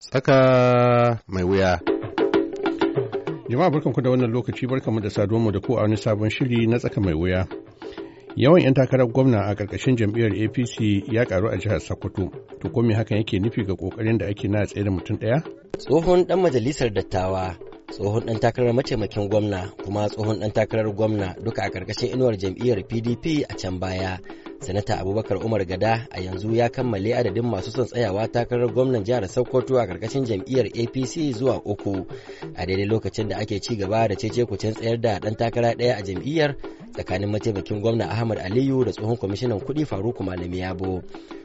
Tsaka mai wuya. Jama'a barkanku da wannan lokaci barkanmu da mu da ku a wani sabon shiri na tsaka mai wuya. Yawan 'yan takarar gwamna a ƙarƙashin jam'iyyar APC ya karu a jihar Sokoto. To ko me hakan yake nufi ga ƙoƙarin da ake na tsaye da mutum ɗaya? Tsohon ɗan majalisar dattawa, tsohon ɗan takarar mataimakin gwamna, kuma tsohon ɗan takarar gwamna duka a ƙarƙashin inuwar jam'iyyar PDP a can baya. sanata abubakar umar gada a yanzu ya kammale adadin masu son tsayawa takarar gwamnan jihar sokoto a karkashin jam'iyyar apc zuwa uku a daidai lokacin da ake ci gaba da cece kucin tsayar da ɗan takara ɗaya a jam'iyyar tsakanin mataimakin gwamna Ahmad Aliyu da tsohon kwamishinan kuɗi Faruku Malami Yabo.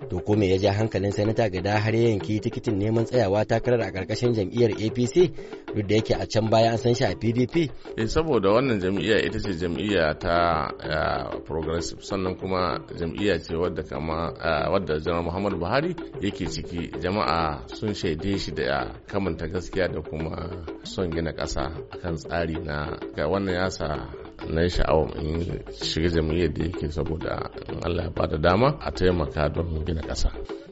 To ko me ya ja hankalin sanata gada har ya yanki tikitin neman tsayawa takarar a ƙarƙashin jam'iyyar APC duk da yake a can baya an san shi a PDP. Eh saboda wannan jam'iyya ita ce jam'iyya ta eh, progressive sannan kuma jam'iyya ce wadda kama eh, wadda Janar Muhammadu Buhari yake ciki jama'a sun shaide shi da kamanta gaskiya da kuma son gina kasa akan tsari na ga wannan yasa na yi sha'awa in shiga jam'iyyar da yake saboda Allah ya bada dama a taimaka don gina ƙasa.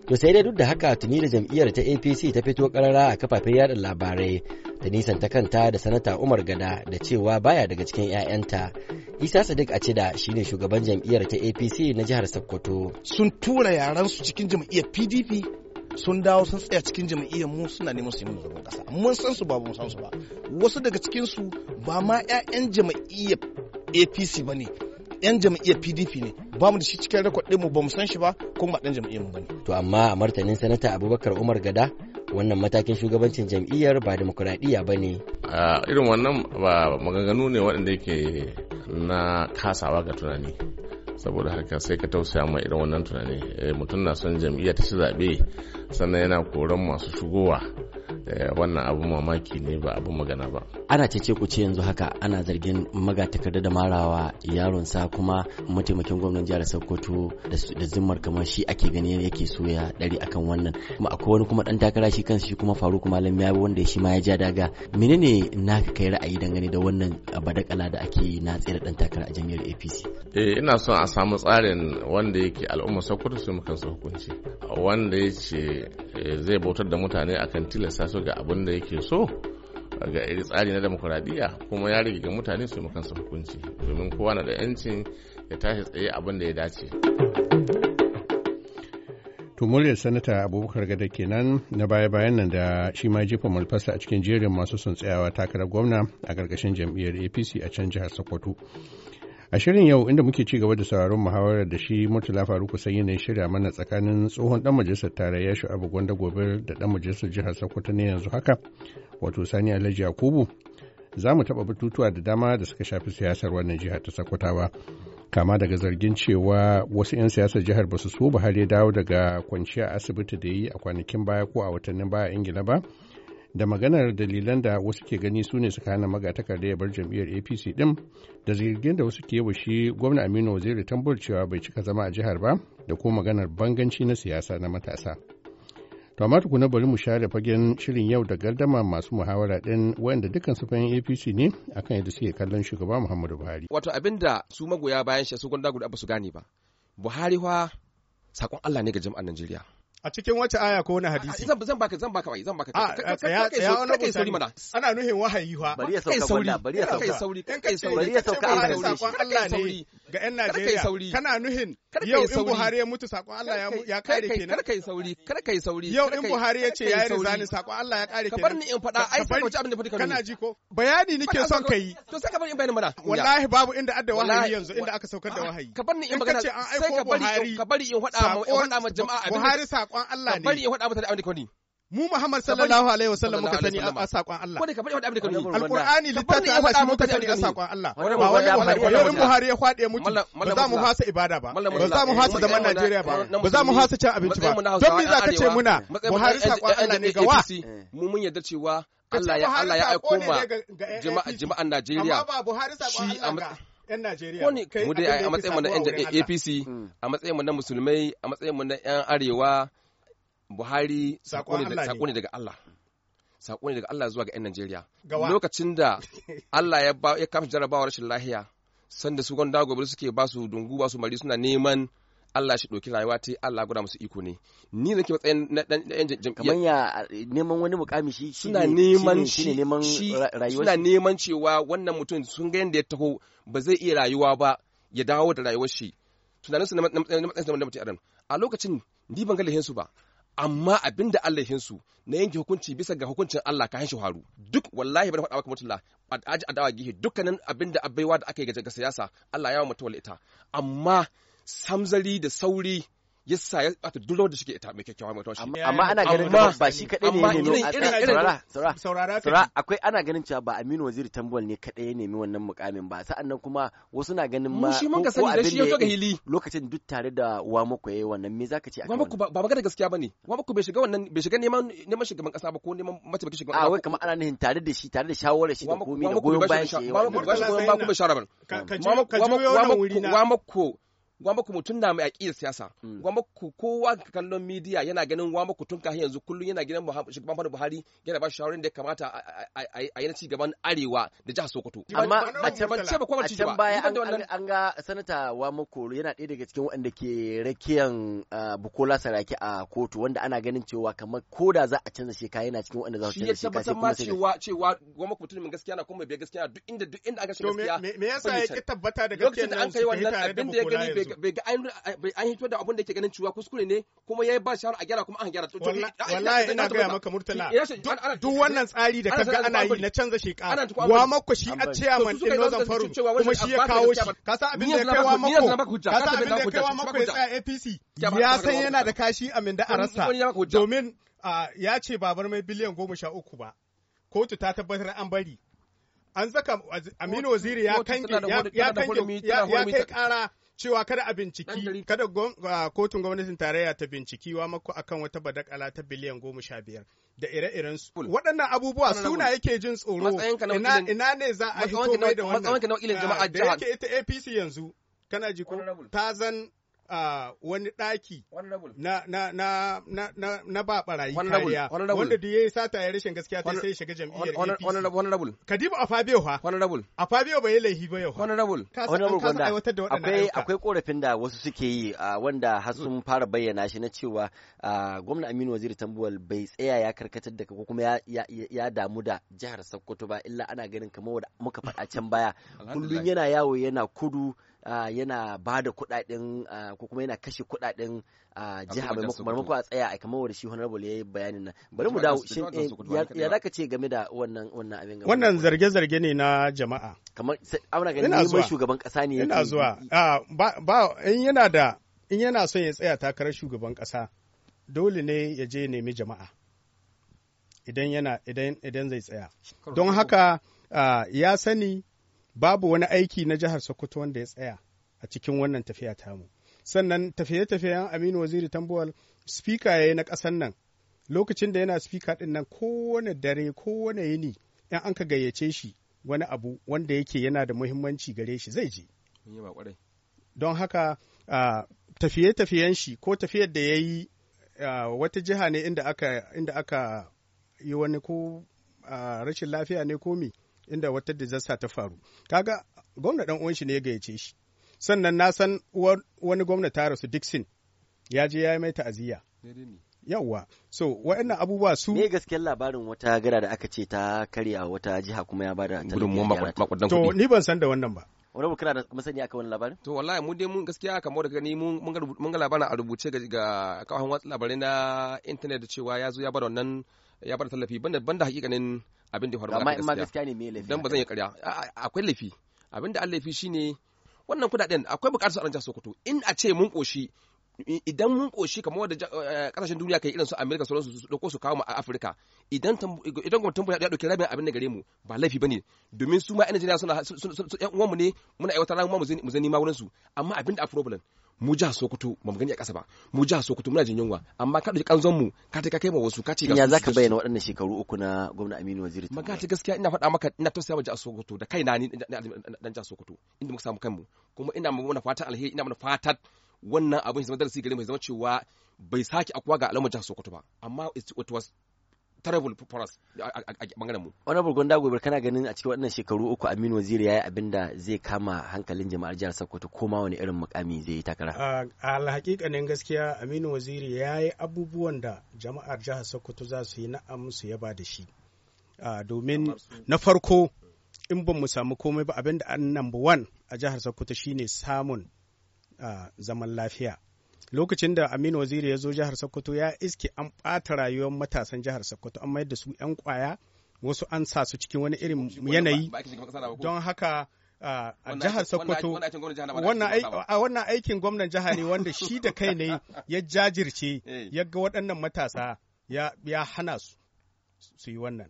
To sai dai duk da haka tuni da jam'iyyar ta APC ta fito karara a kafafen yada labarai da nisan ta kanta da sanata Umar Gada da cewa baya daga cikin 'ya'yanta. Isa Sadiq a cida shine shugaban jam'iyyar ta APC na jihar Sokoto. Sun tura yaran su cikin jam'iyyar PDP sun dawo sun tsaya cikin jam'iyyar mu suna neman su yi zagon kasa mun san su ba mu san su ba wasu daga cikin su ba ma 'ya'yan jam'iyyar APC ba ne jam'iyyar PDP ne ba mu da shi cikin din mu ba mu san shi ba kuma ba ɗan jam'iyyar mu ba To amma a martanin sanata Abubakar Umar Gada wannan matakin shugabancin jam'iyyar ba demokuraɗiyya ba ne. Irin wannan ba maganganu ne waɗanda yake na kasawa ga tunani. saboda haka sai ka tausaya ma irin wannan tunani eh, mutum na son jam'iyya ta ci zaɓe sannan yana koran masu shigowa eh, wannan abin mamaki ne ba abin magana ba ana ce ku ce yanzu haka ana zargin magatakarda da marawa yaronsa kuma mataimakin gwamnan jihar sokoto da zimmar kamar shi ake gani yake soya dari akan wannan kuma akwai wani kuma dan takara shi kansa shi kuma faruk malam ya wanda shi ma ya ja daga menene naka kai ra'ayi dangane da wannan badakala da ake na tsere dan takara a jami'ar apc eh ina son a samu tsarin wanda yake al'umma sokoto su mukan hukunci wanda ya eh, zai bautar da mutane akan tilasta su ga abin da yake so ga tsari na demokuradiyya kuma ya rage ga mutane su yi hukunci domin kowa na da 'yancin ya tashi tsaye abin da ya dace. To sanata abubakar gada kenan na baya-bayan nan da shi ma jefa malfasa a cikin jerin masu sun tsayawa takarar gwamna a ƙarƙashin jam'iyyar apc a can jihar sokoto A shirin yau inda muke ci gaba da sauraron muhawarar da shi Murtala Faruku sai na shirya mana tsakanin tsohon dan majalisar tarayya Shu'abu Gwanda Gobe da dan majalisar jihar Sokoto ne yanzu haka wato Sani Alhaji Yakubu za mu taɓa batutuwa da dama da suka shafi siyasar wannan jihar ta Sokotawa kama daga zargin cewa wasu 'yan siyasar jihar ba su so Buhari dawo daga kwanciya asibiti da yi a kwanakin baya ko a watannin baya Ingila ba da maganar dalilan da wasu ke gani su ne suka hana magatakarda ya bar jam'iyyar apc din da zirgin da wasu ke yawa shi gwamna aminu waziri tambol cewa bai cika zama a jihar ba da kuma maganar banganci na siyasa na matasa to amma tukuna bari mu share fagen shirin yau da gardama masu muhawara din wanda dukkan su fayin apc ne akan yadda suke kallon shugaba muhammadu buhari wato abin da su magoya bayan shi su gwanda guda ba su gane ba buhari fa sakon allah ne ga jama'ar najeriya A cikin wace aya ko na hadisi? Zan zan baka zan baka wai zan baka. A tsaya tsaya wani kai sauri mana. Ana nuhin wahayi fa. Bari ya sauka gwanda bari ya sauka. Kai sauri kan kai sauri. Bari ya sauka a sauri. Allah ne ga yan Najeriya. Kana nuhin yau in Buhari ya mutu sakon Allah ya ya kare kenan. Kar kai sauri kar kai sauri. Yau in Buhari ya ce ya yi rizani sakon Allah ya kare kenan. Ka bar ni in fada ai sai wace abin da faɗi Kana ji ko? Bayani nike son kai To sai ka bar in bayani mana. Wallahi babu inda adda wahayi yanzu inda aka saukar da wahayi. Ka bar ni in magana sai ka bari ka bari in fada ma jama'a abin. Buhari sakon saƙon Allah ne. Ka Bari ya faɗa mata da abinda kwani. Mu Muhammad sallallahu alaihi wa sallam muka sani a saƙon Allah. Kwani ka bari ya faɗa abinda da kwani. Alƙur'ani littafi Allah shi muka sani a saƙon Allah. Ba wani Buhari yau in Buhari ya faɗe ya mutu ba za mu hasa ibada ba. Ba za mu hasa zaman Najeriya ba. Ba za mu hasa cin abinci ba. Don me za ka ce muna Buhari saƙon Allah ne ga wa. Mu mun yarda cewa Allah ya Allah ya aiko ma jama'an Najeriya. Amma ba Buhari saƙon Allah 'yan Najeriya. mu dai a matsayin mu na 'yan APC, a matsayin mu na musulmai, a matsayin mu na 'yan arewa, Buhari sako ne daga Allah. Sako ne daga Allah zuwa ga 'yan Najeriya. Lokacin da Allah ya kafa jarabawa rashin lahiya, sanda su gwanda gobe suke ba su dungu ba su mari suna neman Allah shi ɗauki rayuwa ta Allah guda musu iko ne ni zan ke matsayin na ɗan jam'iyyar kamar ya neman wani mukami shi suna neman shi suna neman cewa wannan mutum sun ga yadda ya taho ba zai iya rayuwa ba ya dawo da rayuwar shi tunanin su na matsayin na mutum adam a lokacin ni ban ga su ba amma abin da Allah su na yanke hukunci bisa ga hukuncin Allah ka hanshi faru duk wallahi bari faɗa maka mutulla aji adawa gihe dukkanin abin da abaiwa da aka yi ga siyasa Allah ya wa mutuwa ita amma samzari da sauri yasa ya bata duk rawar da suke ita mai kyakkyawa mai tawashi amma ana ganin ba shi kadai ne ne saurara saurara saurara akwai ana ganin cewa ba Aminu Waziri Tambol ne kadai ya nemi wannan mukamin ba sa'annan kuma wasu na ganin ma shi mun ga sani da shi ya ga hili lokacin duk tare da wa muku yayi wannan me zaka ce a wannan ba ga gaskiya bane wa muku bai shiga wannan bai shiga neman neman shugaban kasa ba ko neman mataimakin shugaban kasa a wai kamar ana nihin tare da shi tare da shawarar shi da komai da goyon bayan shi wa muku ba shi goyon ba kuma sharaban wa muku wa muku gwamba ku mutum na mai aƙiyar siyasa mm. gwamba ku kowa kallon midiya yana ganin gwamba ku tun kafin yanzu kullum yana ganin shugaban fada Buhari yana ba shawarin da ya kamata a yi na ci gaban arewa da jihar Sokoto amma a tabbace ba ba baya an ga sanata wa makoro yana ɗaya daga cikin waɗanda ke rakiyan uh, Bukola Saraki a kotu wanda ana ganin cewa kamar da za a canza shekara yana cikin waɗanda za su canza shekara sai kuma sai cewa cewa gwamba ku mutumin gaskiya na kuma bai gaskiya duk inda duk inda aka shiga gaskiya me yasa ya ki tabbata da gaskiya da an kai wannan abin da ya gani bai bai ga an hito da abin da yake ganin cewa kuskure ne kuma yayi ba shawara a gyara kuma an gyara to wallahi ina ga maka murtala duk wannan tsari da kaga ana yi na canza shekara wa mako shi a chairman din Northern Forum kuma shi ya kawo shi ka san abin da ya kai wa mako ka san abin da ya kai wa mako ya tsaya APC ya san yana da kashi min da arasa domin ya ce babar mai biliyan goma sha uku ba kotu ta tabbatar an bari an zaka aminu waziri ya kange ya kai kara cewa kada a binciki kada ah, kotun gwamnatin tarayya ta binciki wa mako akan wata badakala ta biliyan goma sha biyar da ire-iren su waɗannan abubuwa suna yake jin tsoro ina ne za a hito mai da wannan ah, da yake ita APC yanzu kana jiko ta zan wani ɗaki na na na na na na ba barayi kariya wanda da yi sata ya rashin gaskiya ta sai shiga jam'iyyar APC honorable Kadibu Afabio fa honorable Afabio bai laifi ba yau honorable honorable gonda akwai akwai korafin da wasu suke yi wanda har sun fara bayyana shi na cewa gwamna Aminu Waziri Tambuwal bai tsaya ya karkatar da ko kuma ya damu da jihar Sokoto ba illa ana ganin kamar wanda muka faɗa can baya kullum yana yawo yana kudu yana ba da kuɗaɗen ko kuma yana kashe kuɗaɗen jiha maimakon a tsaya a kamar da shi honorable ya yi bayanin nan bari mu dawo shin eh, ya zaka ce game da wannan wannan abin game wannan zarge-zarge ne na jama'a kamar amna ganin ni mai shugaban kasa ne yana zuwa ba in yana da in yana son ya tsaya takarar shugaban kasa dole ne ya je nemi jama'a idan yana idan idan zai tsaya don haka ya sani babu wani aiki na jihar Sokoto wanda ya tsaya a cikin wannan tafiya tamu. Sannan tafiye-tafiyen Aminu Waziri Tambuwal spika ya yi na ƙasan nan lokacin da yana spika ɗin nan kowane dare kowane yini in an ka gayyace shi wani abu wanda yake yana da muhimmanci gare shi zai je. Don haka tafiye-tafiyen shi ko tafiyar da ya yi wata jiha ne inda aka yi wani ko rashin lafiya ne ko me. inda wata disaster ta faru kaga gwamna dan uwan shi ne ya gayyace shi sannan na san wani gwamna ta rasu Dixon ya je ya yi mai ta'aziyya yawwa so wa'annan abubuwa su ne gaskiyar labarin wata gara da aka ce ta karya wata jiha kuma ya bada gudunmuwan to ni ban san da wannan ba wani bukira da masani aka wani labarin to wallahi mu dai mun gaskiya kamar daga ni mun ga labarin a rubuce ga kawahan watsa labarai na intanet cewa ya zo ya bada wannan ya bada tallafi banda hakikanin abin da faru amma in ma gaskiya ne me laifi dan ba zan yi ƙarya akwai laifi abin da an laifi shine wannan kudaden akwai bukatar su a jihar Sokoto in a ce mun koshi idan mun koshi kamar wanda kasashen eh, duniya kai irin su America sauransu su dauko su kawo mu a Africa idan idan gwamnatin ya dauki rabin abin da gare mu ba laifi bane domin su ma Najeriya suna yan uwan mu ne muna aiwatar mu mu zani ma wurin su amma abin da a problem mu ja Sokoto ba mu gani a kasa ba mu ja Sokoto muna jin yunwa amma ka ɗauki kanzon mu ka ta kai ma wasu ka ce ya zaka bayyana waɗannan shekaru uku na gwamna Aminu Waziri magana ta gaskiya ina faɗa maka ina tausaya ma jihar Sokoto da kaina ni dan jihar Sokoto inda muka samu kanmu kuma ina mana fatan alheri ina mana fatan wannan abin zama darasi gare mai zama cewa bai sake akuwa ga ja jihar Sokoto ba amma it was terrible force a bangaren mu honorable gonda gobe kana ganin a cikin waɗannan shekaru uku Aminu Waziri ya yi abin da zai kama hankalin jama'ar jihar Sokoto ko ma wani irin mukami zai yi takara a hakikanin gaskiya Aminu Waziri yayi abubuwan da jama'ar jihar Sokoto za su yi na'am su yaba da shi domin na farko in ban mu samu komai ba abin da an number one a jihar Sokoto shine samun zaman lafiya lokacin da aminu waziri ya zo jihar sokoto ya iske an ɓata rayuwar matasan jihar sokoto an mayar da su 'yan kwaya wasu an sa su cikin wani irin yanayi don haka a jihar Sokoto wannan aikin gwamnan jiha ne wanda shi da kai ne ya jajirce eh. ya ga waɗannan matasa ya hana su su yi wannan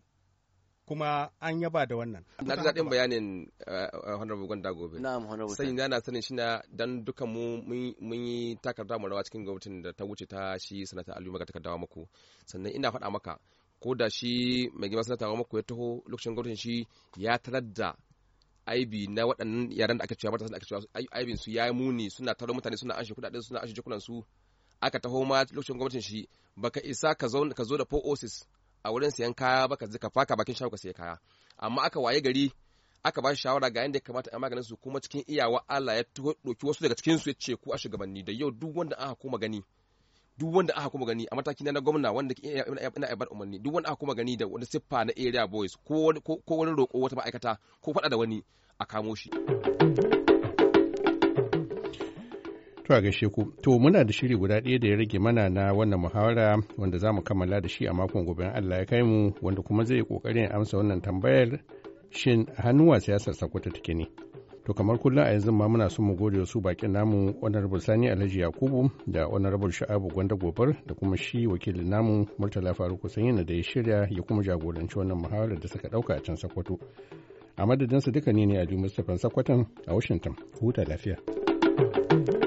kuma an yaba da wannan. Na ji daɗin bayanin eh, eh, Honorable Gwanda Gobe. Na'am Honorable. Sai na sanin shi na dan duka mu mun yi takarda mu rawa cikin gwamnatin da ta wuce ta shi sanata Aliyu Maga takardawa muku. Sannan ina faɗa maka ko da shi mai gima sanata wa muku ya taho lokacin gwamnatin shi ya tarar da aibi na waɗannan yaran da aka cewa mata da aka cewa aibin su ya muni suna taro mutane suna shi kuɗaɗen suna anshe jikunan su aka taho ma lokacin gwamnatin shi baka isa ka zo da po osis a wurin sayan kaya baka ka faka bakin shago ka siya kaya amma aka waye gari aka ba shi shawara ga yadda ya kamata a maganin su kuma cikin iyawa Allah ya doki wasu daga cikin su ya ce ku a shugabanni da yau duk wanda aka kuma gani duk wanda aka kuma gani a mataki na gwamna wanda ina aibar umarni duk wanda aka kuma gani da wani siffa na area boys ko wani roƙo wata ma'aikata ko faɗa da wani a kamo shi. To gaishe ku. To muna da shiri guda ɗaya da ya rage mana na wannan muhawara wanda za mu kammala da shi a makon gobe Allah ya kai mu wanda kuma zai yi ƙoƙarin amsa wannan tambayar shin hannuwa siyasar Sokoto take ne. To kamar kullum a yanzu ma muna son mu gode wasu bakin namu Honorable Sani Alhaji Yakubu da Honorable Sha'abu Gwanda Gobar da kuma shi wakilin namu Murtala Faruku Sanyina da ya shirya ya kuma jagoranci wannan muhawarar da suka ɗauka a can Sokoto. A madadinsu duka ne ne a Mustapha Sakwatan a Washington. Huta lafiya. thank you